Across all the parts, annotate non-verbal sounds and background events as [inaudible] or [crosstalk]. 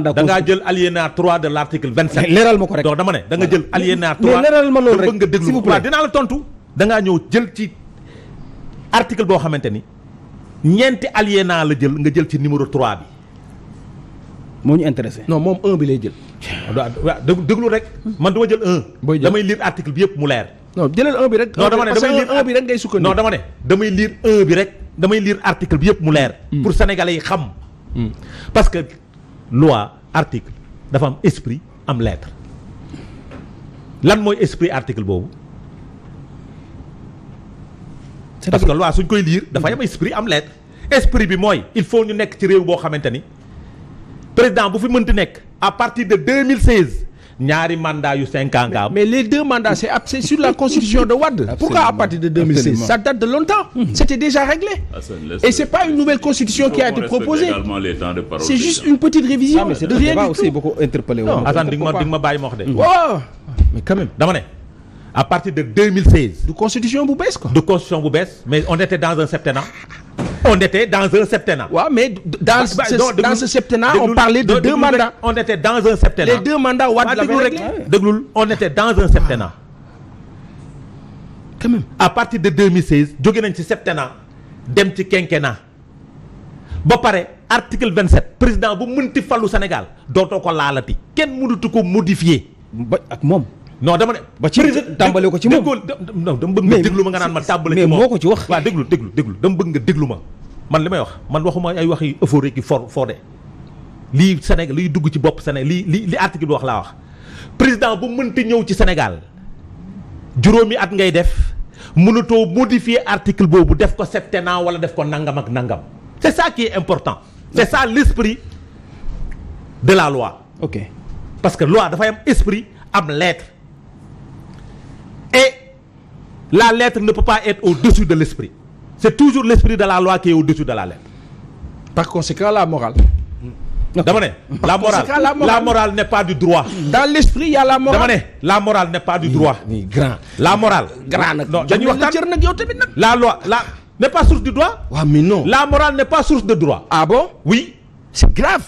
da ngaa jël alinéa 3 de l' article 27. leeral ma ko rek dama ne da nga jël alinéa 3 mais leeral ma loolu rek bëgg da ngaa ñëw jël ci article boo xamante ni ñeenti alinéa la jël nga jël ci numéro 3 bi. moo ñu intéressé. non moom 1 bi lay jël. waaw déglu rek. man dama jël 1. booy jël damay yëpp mu leer. non jëlal 1 bi dama ne damay lire 1 bi rek ngay sukkandiku. dama ne bi rek damay lire article bi yëpp mu leer. Hmm. pour sénégalais yi xam. Hmm. parce que. loi article dafa am esprit am lettre lan mooy esprit article boobu. parce que loi suñ koy lire dafay am esprit am lettre esprit bi mooy il faut ñu nekk ci réew boo xamante ni président bu fi mënti nekk à partir de 2016. ñaari mandat yu cinq ans nga am. mais les deux mandats c'est ab la constitution de Wade. pourquoi à partir de 2016 date de longtemps. Hmm. c'était déjà réglé. Ah, et c'est pas une nouvelle constitution qui a été proposée. c'est juste une petite révision. de rien du tout. non Assane di nga ma mais quand même dama à partir de 2016. du constitution bu bees quoi. du constitution bu mais on était dans un septennat. on était dans un septennat. waaw mais dans ce dans ce septennat on parlait de deux mandats. on était dans un septennat. les deux mandats Wade la rek déglul on était dans un septennat. quand même à partir de 2016 jóge nañ ci dem ci quinquennat ba pare article 27 président bu mënti fallu Sénégal dootoo ko laalati kenn mënutu ko modifier. ba ak moom. non dama ne ba ci tàmbale ko ci moom non dama bëgg nga déglu ma nga naan ma tàmbale ci moom mais moo ko ci wax waaw déglu déglu déglu dama bëgg nga déglu ma man li may wax man waxuma ay waxi euphorique yi for fodé lii Sénégal liy dugg ci bopp Sénégal lii li li article bi wax laa wax président bu mënti ñëw ci Sénégal juróomi at ngay def mënatoo modifier article boobu def ko septennat wala def ko nangam ak nangam c'est ça qui est important c'est ça l'esprit de la loi ok parce que loi dafay am esprit am lettre la lettre ne peut pas être au-dessus de l'esprit c'est toujours l'esprit de la loi qui est au-dessus de la lettre par conséquent la morale dama ne la morale la morale n'est pas du droit dans l'esprit y a la morale dama la n'est pas du droit la morale grand nag dañuy waxtaan cër nag yow tamit nag la loi la n'est pas source du droit la morale n'est pas source de droit ah bon oui c'est grave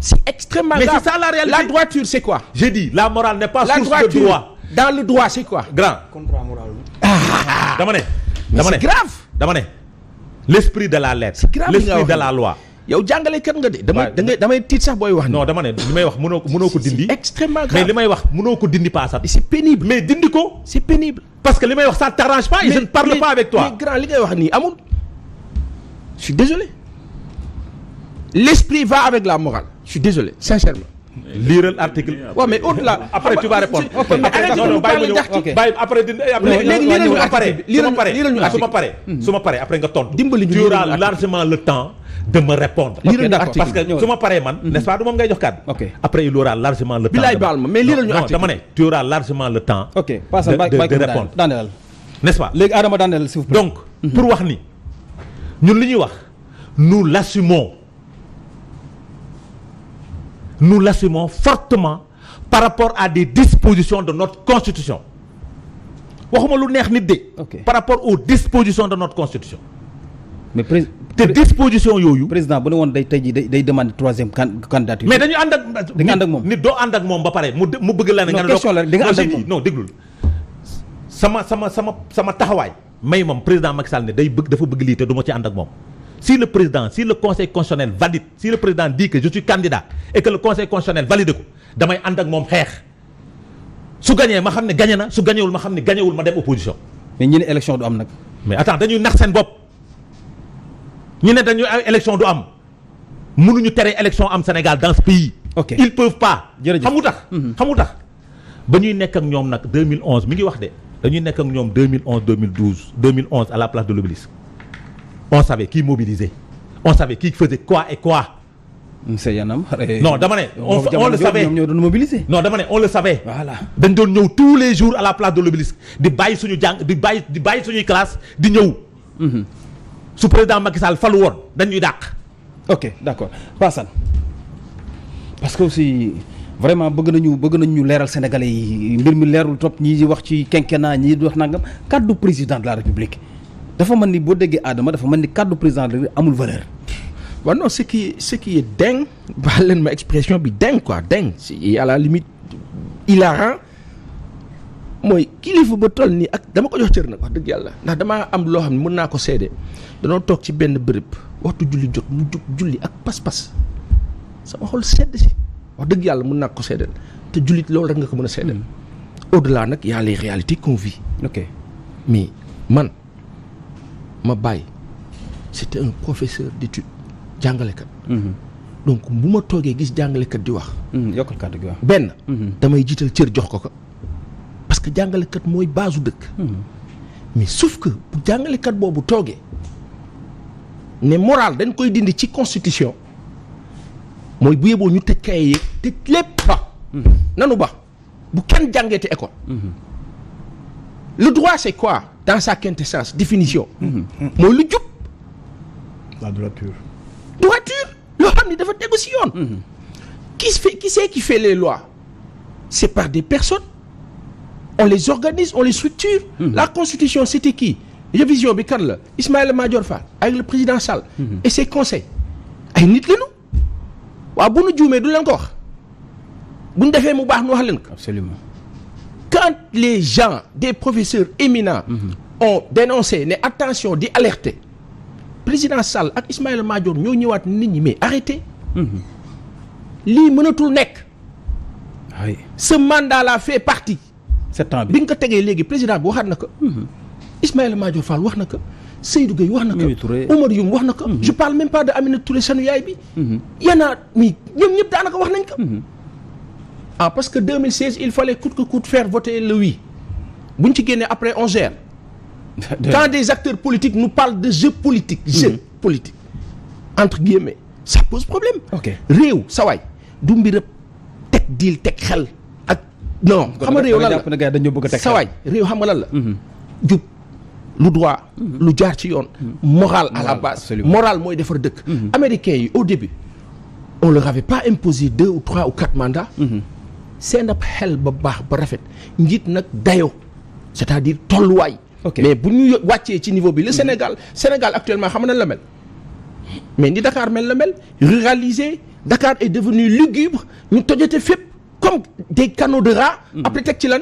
c'est extrêmement grave la droiture c'est quoi j'ai dit la morale n'est pas source de droit dans le droit c'est quoi. grand contrat moral. [laughs] dama ne. dama ne c'est grave. l'esprit de la lettre. c'est grave l'esprit de la loi. yow jàngale kat nga de. damay damay tiit sax booy wax. non dama ne li may wax mënoo ko mënoo ko dindi. extrêmement grave mais li may wax mënoo ko dindi paasat. c'est pénible mais dindi ko. c'est pénible. parce que li may wax ça t'arrange pas. mais je ne parle pas avec toi. grand li ngay wax nii amul. je désolé. l'esprit va avec la morale. je suis désolé sincèrement. liiral article. waaw mais au-delà. après tu vas après nga tontu. dimbali ñu tu auras largement le temps de su ma paree man. Hmm. nest pas du moom ngay jox kàddu. après il aura largement le temps. bilaay ma mais liiral ñu article dama ne tu auras largement le temps. ok passal bàyyi de de répondre n'est-ce pas. léegi Adama daaneel s'il vous plaît. donc hmm. pour wax ni ñun li ñuy wax nous l'assumons nous l'assumons fortement par rapport à des dispositions de notre constitution waxuma lu neex nit de. par rapport aux dispositions de notre constitution. mais prés yooyu. président bu ne woon day tey jii day day demander troisième candidature. mais dañu ànd ak. dañu ànd ak moom nit doo ànd ak moom ba pare mu bëgg la ne. nga ne question la di nga ànd ak moom non déglul sama sama sama sama taxawaay. may moom président Macky Sall ne day bëgg dafa bëgg lii te du ma ci ànd ak moom. si le président si le conseil constitutionnel valide si le président dit que je suis candidat et que le conseil valide ko damay ànd ak moom xeex su gañee ma xam ne gañe na su gañewul ma xam ne gañewul ma dem opposition. mais ñi ne élection du am nag. mais attends dañuy nax seen bopp ñu ne dañuy élection du am mënuñu tere élection am Sénégal dans ce pays. ok ils peuvent pas. jërëjëf xamu tax. Mhm. xamu tax ba ñuy nekk ak ñoom nag 2011 mi ngi wax de dañuy nekk ak ñoom 2011 la place de on savait qui mobilisait on savait qui faisait quoi et quoi. monsieur Yanam. non dama ne. on on le savait ñoo doon mobiliser. non dama ne on le savait. voilà dañ doon ñëw tous les jours à la place de l'obélisque di bàyyi suñu jàng di bàyyi di bàyyi suñuy classe di ñëw. Mhm. su président Macky Sall falu woon dañuy dàq. ok d'accord Passane parce que aussi. vraiment bëgg nañu bëgg nañu ñu leeral Sénégalais yi mbir mi leerul topp ñii di wax ci quinquennat ñii di wax nangam kàddu président de la République dafa mel ni boo déggee aadama dafa mel ni kàddu président de amul valeur. waaw non ce qui ce qui est dingue [laughs] leen ma expression bi dingue quoi dingue si à la limite mooy kilifa ba toll nii ak dama ko jox cër nag wax dëgg yàlla ndax damaa am loo xam ne mën naa ko seede danoo toog ci benn bërëb waxtu julli jot mu jug julli ak pas-pas sama xol sedd si wax dëgg yàlla mun naa ko seedeel te jullit loolu rek nga ko mën a seedeel hmm. au delà nag y a les réalités qu'on vit ok ma bàyyi c'était un professeur d'étude jàngalekat. Mhm. donc bu ma toogee gis jàngalekat di wax. Mhm, yokkal gi wax benn. Mhm. damay jiital cër jox ko ko parce que jàngalekat mooy baasu dëkk. mais sauf que bu jàngalekat boobu toogee ne moral dañ koy dindi ci constitution mooy bu yeboo ñu tëj kaye yeeg tëj lépp ba. nanu ba bu kenn jàngeeti école. le droit c'est quoi dans sa quintessence définition. Mm-hmm. Mm-hmm. mooy lu jub. la droiture. droiture loo xam ni dafa tegu ci yoon. Mm-hmm. qui c'est qui fait les lois c'est par des personnes on les organise on les structure. la constitution c'était qui révision bi kan la Ismaïla Madior fa avec le président Sall. et ses conseils ay nit lañu. waaw bu nu juumee du leen ko wax bu ñu defee mu baax nu wax leen ko. quand les gens des professeurs éminents mhm. ont dénoncé ne attention di alerté président Sall ak Ismaïla Madior ñoo ñëwaat nit ñi mais arrêtez mhm. lii mënatul nekk ce mandat la fait partie sept ans bi nga ko tegee léegi président bi waxaat na ko mhm. Ismaïla Madior Fall wax na ko Seydou Gueye wax na ko Omar Youm wax na ko je parle même pas de Aminata Touré sanu yaay bi yanaa mi ñoom ñëpp daanaka wax nañ ko ah parce que 2016 il fallait coûte que coûte faire voter le oui bu ñu ci génnee après on gère. [laughs] quand des acteurs politiques nous parlent de jeu politique. Mhm. jeu mmh. entre guillemets ça pose problème. ok réew sawaay du mbirab teg diil teg xel ak. non xam nga réew lan la dañoo bëgg a teg sawaay réew xam nga la. Mhm. jub lu droit. Mhm. lu jaar ci yoon. moral à la base. moral mooy defar dëkk. américains yi au début on leur avait pas imposé deux ou trois ou quatre mandats. seen ab xel ba baax ba rafet njiit nag dayo c'est-à-dire tolluwaay. mais bu ñu wàccee ci niveau bi. le mhm. Sénégal Sénégal actuellement xam na la mel. mais ni Dakar mel la mel ruralisé Dakar est devenu lugubre ñu tojate fépp comme de rats. Mhm. après teg ci lan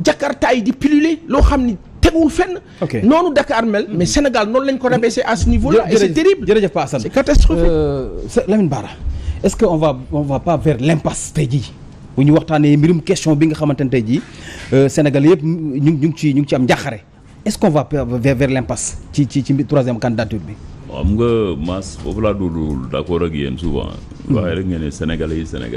Jakarta yi di pulluler loo xam ni teguwul fenn. noonu Dakar mel. Mhm. mais Sénégal noonu lañ ko rabaissé à ce niveau là. et c'est terrible jërëjëf Paa euh, est-ce que on va on va pas vers l'impasse tey jii. bu ñu waxtaanee mbirum question bi nga xamante ne tey jii euh, Sénégal yëpp ñu ñu ngi ci ñu ngi ci am njàqare est-ce qu'on va vers vers l'impasse ci ci ci troisième candidature bi. waaw xam nga Mass foofu laa dul d'accord ak yéen souvent. Hmm. waxee rek ngeen ne Sénégalais yi Sénégal.